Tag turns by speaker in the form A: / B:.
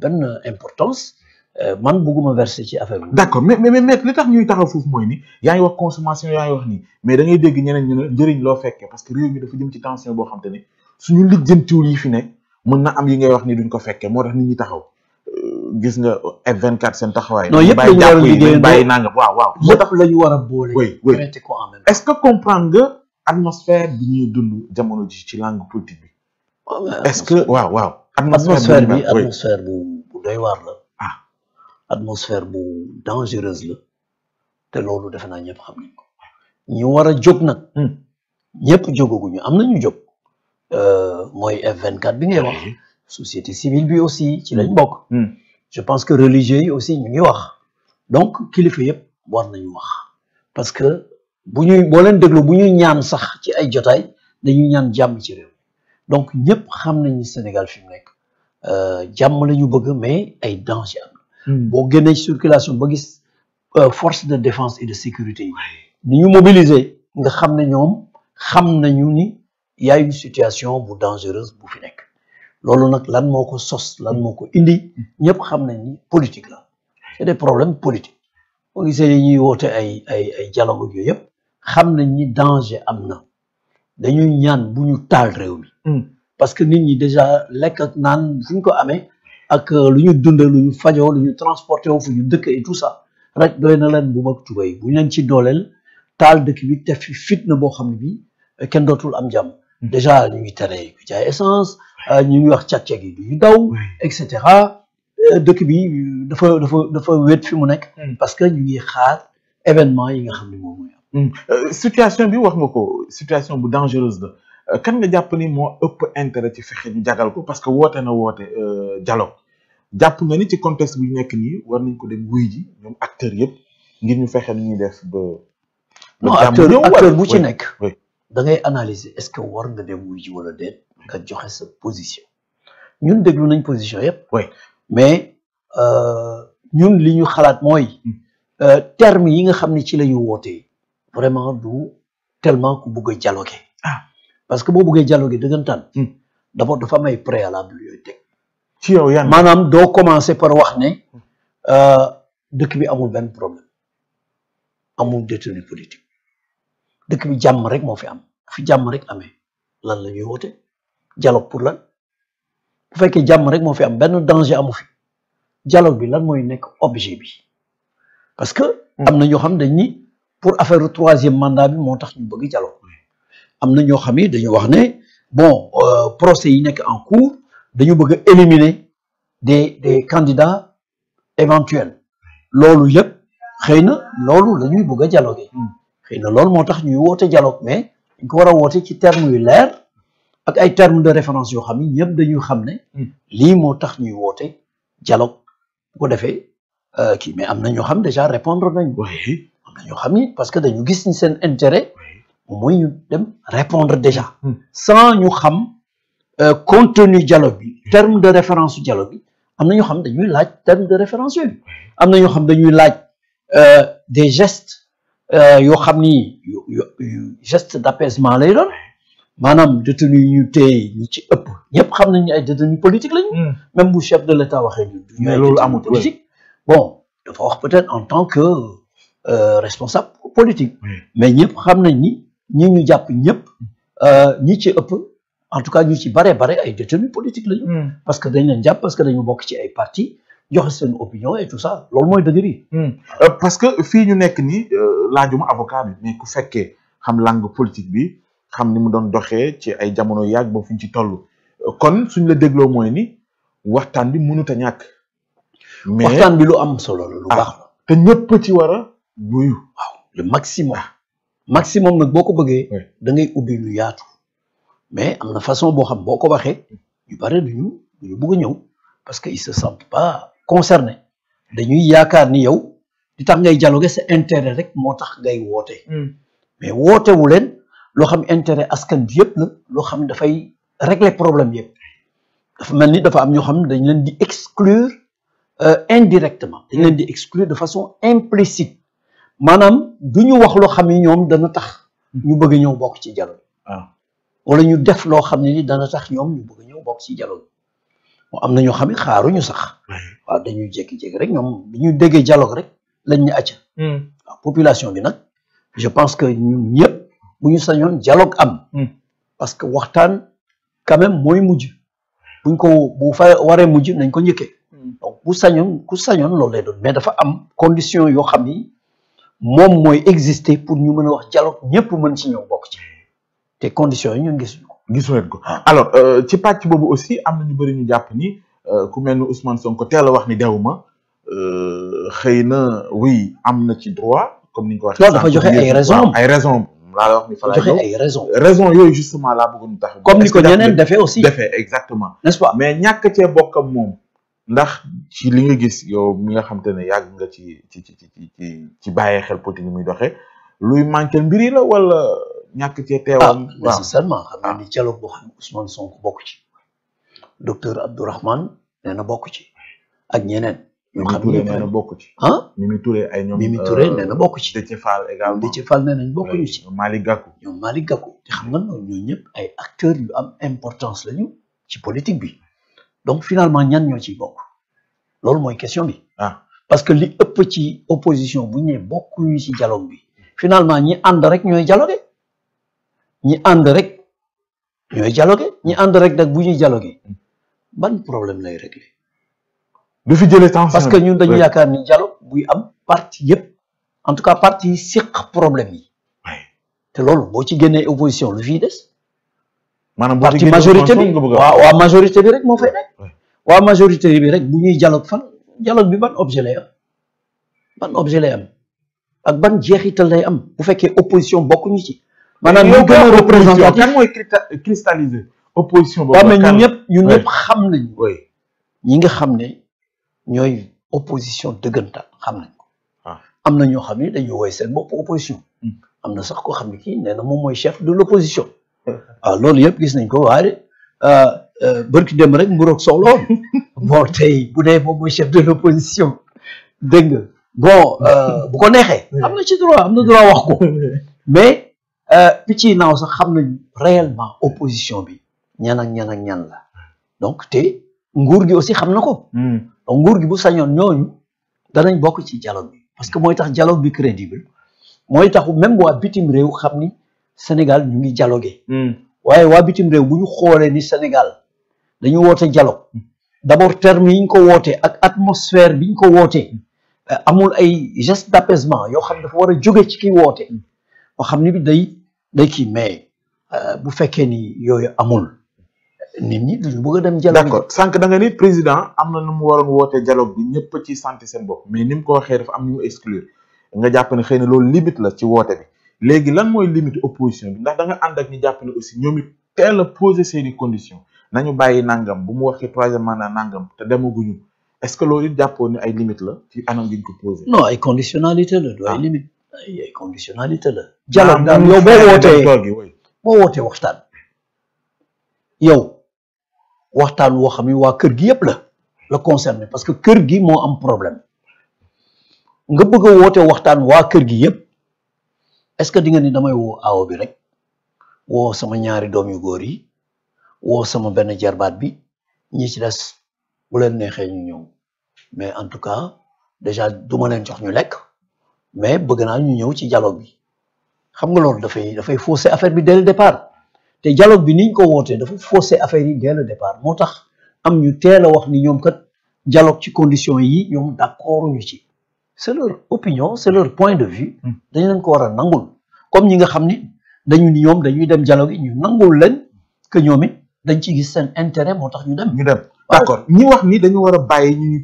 A: benn importance euh, man bëgguma verser ci affaire bi. d' accord mais mais mais li tax ñuy taxaw foofu mooy ni yaa ngi wax consommation yaa ngi wax nii mais da ngay dégg ñeneen ñu ne njëriñ loo fekkee parce que réew mi dafa jëm ci tension boo xam te mën na am yi ngay wax ni duñ ko fekkee moo tax nit ñi taxaw. Euh, gis nga F24 seen taxawaay. non yëpp la ñu war a bàyyi nangam waaw waaw. moo tax la ñu war a boole. oui oui ko est ce que comprendre nga atmosphère bi ñuy dund jamono ji ci langue politique bi. Oh, est ce que waaw waaw. atmosphère bi atmosphère
B: bu bu doy waar la ah atmosphère bu dangereuse la te loolu defe naa ñëpp xam nañ ko ñu war a jóg nag hmm. ñëpp jógaguñu am na ñu jóg euh, mooy f bi ngay wax société civile bi aussi ci lañ hmm. bokk hmm. je pense que religieux yi aussi ñu ngi wax donc kilifa yëpp war nañu wax parce que bu ñuy boo leen déglu bu ñuy ñaan sax ci ay jotaay dañuy ñaan jàmm ci réew donc ñëpp xam nañu Sénégal fi mu nekk Euh, jàmm la ñu bëgg mais ay danger am hmm. boo génnee ci circulation ba gis euh, force de défence et de sécurité yi ni ñu mobiliser nga xam ne ñoom xam nañu ni y une situation bu dangereuse bu fi nekk loolu nag lan moo ko sos lan moo ko indi ñëpp xam nañ ni politique la c'est des problèmes politiques boo gisee ñuy woote ay ay ay dialogue yooyu yëpp xam nañ ni danger am na dañuy ñaan bu ñu taal réew mi hmm. parce que nit ñi déjà lekk ak naan fu ñu ko amee ak euh, lu ñu dunda lu ñu fajoo lu ñu transporté woo fu ñu dëkk et tout ça rek doy na leen bu mag tubay bu ñu leen ci dooleel taal dëkk bi te fi fitna boo xam ne bi euh, kenn dootul am jàmm mm. déjà ñu ngi tere ku jaay essence euh, ñu ngi wax càq-càq ñu daw et cetera dëkk bi dafa dafa dafa wéet fi mu nekk mm. parce que ñu ngi xaar événement yi nga xam ne
A: moom mooy am mm. situation bi wax nga ko situation bu dangereuse kan nga jàpp ni moo ëpp intérêt ci fexe ñu jagal ko parce que woote na woote euh, dialogue jàpp nga ni ci contexte bu ñu nekk war nañ ko dem wuy ji ñoom acteurs yëpp ngir ñu fexe nu ñuy def ba. non acteur acteur bu ci nekk. da ngay analyser est-ce que war nga
B: dem wuy ji wala déet nga joxe sa position ñun déglu nañ position yëpp. oui mais euh, ñun li ñu xalaat mooy. Hmm. Euh, termes yi nga xam ni ci la ñu wootee. vraiment du tellement ku bëgg a parce que boo buggee dialogue dëggantaan hmm. d'abord dafa may préalable yooyu teg ci yow yan maanaam doo commencer par wax ne hmm. euh, dëkk bi amul benn problème amul détenu politique dëkk bi jàmm rek moo fi am fi jàmm rek amee lan la woote dialogue pour lan bu fekkee jàmm rek moo fi am benn danger amu fi dialogue bi lan mooy nekk objet bi parce que hmm. am na ñoo xam dañ ni pour affaire troisième mandat bi moo tax ñu bëgg dialogue am na ñoo xam ni dañu wax ne bon euh, procès yi nekk en cours dañu bëgg a éliminer des des candidats éventuels loolu yëpp xëy na loolu la ñuy bëgg a dialoguer xëy na loolu moo tax ñuy woote dialogue mais dañ war a woote ci terme yu leer ak ay terme de référence yoo xam ni ñëpp dañuy xam ne lii moo tax ñuy woote dialogue bu ko defee euh, kii mais am na ñoo xam déjà répondre nañ am na ñoo xam ni parce que dañu gis ni seen intérêt mooy ñu dem répondre déjà hmm. sans ñu xam euh, contenu dialogue bi terme de référence su dialogue am na ñoo xam dañuy laaj terme de référence yooyu am na ñoo xam dañuy laaj euh, des gestes euh, yoo xam ni geste d'apaisement lay doon maanaam détenu ñu tey ñi ci ëpp ñëpp xam nañu ay détenu politique la hmm. même bu chef de l'État waxee ñu du ñu loolu amul bon dafa peut-être en tant que responsable politique mais ñëpp xam nañ ni ñi ñu jàpp ñëpp euh, ñi ci ëpp en tout cas ñu ci bare bare ay détenus politique lañu. Hmm. parce que dañ leen jàpp parce que dañu bokk ci ay
A: parti joxe seen opinion et tout ça loolu mooy dëgg yi. Hmm. Euh, parce que fii ñu nekk nii euh, laajuma avocat bi mais ku fekkee xam langue politique bi xam ni mu doon doxee ci ay jamono yàgg boo fu ñu ci toll. kon suñ la dégloo mooy ni waxtaan bi mënut a ñàkk. mais waxtaan bi lu am solo la lu ah, baax la. te ñëpp ci war a. wuyu waaw
B: le maximum. Ah. maximum nag boo ko bëggee. dangay ngay ubbi lu yaatu. mais am na façon boo xam boo ko waxee yu bare du ñu du ñëw parce que ils se sentent pas concernés dañuy yaakaar ni yow di tax ngay dialoguer sa intérêt rek moo tax ngay woote. Hmm. mais wootewu leen loo xam intérêt askan bi yëpp la loo xam dafay régler problème yëpp dafa mel ni dafa am ñoo xam dañ leen di exclure euh, indirectement dañ leen di exclure de façon implicite. maanaam du ñu wax loo xam ni ñoom dana tax ñu bëgg ñëw bokk ci dialogue waaw wala ñu def loo xam ne ni dana tax ñoom ñu bëgg ñëw bokk ci dialogue moo am na ñoo xam ne xaaruñu sax waaw dañuy jékki rek ñoom bi ñu déggee dialogue rek lañ ñu acca hmm. waaw population bi nag je pense que ñun ñëpp bu ñu sañoon dialogue am hmm. que waxtaan quand même mujj buñ ko bu fa waree mujj nañ ko njëkkee hmm. donc bu sañoon ku sañoon loolu lay doon mais dafa am condition yoo xam ni moom mooy
A: existe pour ñu mën a wax dialogue ñëpp mën ci ñëw bokk ci te conditions yi ñu gisuñu ko. gis ngeen ko alors euh, ci pàcc boobu aussi am na ñu bëri ñu jàpp ni euh, ku mel ni Ousmane Sonko teel wax ni dewuma euh, xëy na oui am na ci droit comme ni ñu ko waxee. loolu dafa joxe ay raisons ah, ay raisons. laa wax ni fa joxe ay raisons yooyu justement laa bëggoon tax. comme ni ko ñeneen defee aussi defee exactement. nest pas mais ñàkk cee bokkam moom. ndax ci li nga gis yow mi nga xam te ne yàgg nga ci ci ci ci ci bàyyi xel politique yi muy doxee luy manqué mbir yi wala ñàkk cee teewam. Ah, waaw nécessairement xam naa ni
B: dialogue boo xam ne Ousmane Sonko bokk ci docteur Abdourahmane nee na bokk ci
A: ak ñeneen. ñu xam ne nee na bokk ci. ah Mimi Touré ay ñoom Mimi Touré euh, nee na bokk ci. Déthié Fall également ci. Malick Gakou ñoom Malick Gakou te xam nga ñooñu ay acteurs
B: yu am importance lañu ci politique bi. donc finalement ñan ñoo ciy bokk loolu mooy question bi ah parce que li ëpp ci opposition bu ñu nee bokkuñu ci dialogue bi finalement ñi ànd rek ñooy dialogué ñi ànd rek ñooy dialogué ñi ànd rek nag bu ñuy dialogué ban problème lay réglé. du fi jëlee temps parce que ñun dañu yaakaar ni dialogue buy am parti yëpp en tout cas parti yi problème yi. te loolu boo ci génnee opposition lu fiy des.
A: maanaam parti majorité bi waaw waa
B: majorité bi rek moo fay nekk waa majorité bi rek bu ñuy dialogue fan dialogue bi ban objet lay am ban objet am ak ban jeexital
A: lay am bu fekkee opposition bokkuñu ci maanaam ñu gën a représentatif kan mooy cristalliser opposition boobu waaw mais ñun ñëpp ñun ñëpp xam nañ ñi nga xam ne
B: ñooy opposition dëggantaan xam nañ ko ah. am na ñoo xam ni dañoo woy seen bopp opposition hmm. am na sax koo xam ne kii nee na moom mooy chef de l'opposition waaw ah, loolu yëpp gis nañ ko waaye ah, ah, bërki dem rek nguroog soxloon bon tey bu dee moom mooy chef de l'opposition dégg nga bon bu ko neexee am na ci droit am na droit wax ko mais picc yi naaw sax xam nañ réellement opposition bi ñan ak ñan ak la donc te nguur gi aussi xam na ko hmm. donc nguur gi bu sañoon ñooñu danañ bokk ci dialogue bi parce que mooy tax dialogue bi crédible mooy tax même waa bitim réew xam ni Sénégal ñu ngi dialogué. Hmm. waaye waa bitim réew bu ñu xoolee ni Sénégal dañu woote dialogue d'abord terme yi ñu ko wootee ak atmosphère bi ñu ko wootee eh, amul ay geste d'apaisement yoo xam dafa war a jóge ci ki woote yoo xam ni bi day day kii mais eh, bu fekkee ni yooyu
A: amul nit ñi duñu bëgg a dem dialogue d'accord sànq da nga ni président am na nu mu waroon woote dialogue bi ñëpp ci santé seen bopp mais ni mu ko waxee dafa am ñu mu exclure nga jàpp ne xëy na loolu limite la ci woote léegi lan mooy limite opposition bi ndax danga ànd ak ñi jàpp ne aussi ñoom it teel a posé seeni conditions nañu bàyyi nangam bu mu waxee troisième mandat nangam te demaguñu est-ce que loolu jàppoo ne ay limite la ci anam gi ñu ko posé. non ay conditionnalité la. du ay ah. limite ay
B: ay conditionnalité la. Ah, dialogue daal yow boo wootee boo wootee yow waxtaan woo xam ne waa kër gi yëpp la la concerné parce que kër gi moo am problème nga bëgg woote waxtaan waa kër gi yëpp. est-ce que di nga ni damay woo aawo bi rek woo sama ñaari doom yu góor yi woo sama benn jarbaat bi ñi ci des bu leen neexee ñu ñëw mais en tout cas déjà du ma leen jox ñu lekk mais bëgg naa ñu ñëw ci dialogue bi xam nga loolu dafay dafay faussé affaire bi dès le départ te dialogue bi niñ ko wootee dafa faussé affaire yi dès le départ moo tax am ñu teel a wax ni ñoom kat dialogue ci condition yi ñoom d'accord ñu ci c'est leur opinion c'est leur point de vue hmm. dañ leen ko war a nangul comme ñi nga xam ni dañu ni ñoom dañuy dem dialogue ñu nangul leen
A: que ñoom it dañ ci gis seen intérêt moo tax ñu dem d'accord ñi wax ni dañu war a bàyyi ñu ñu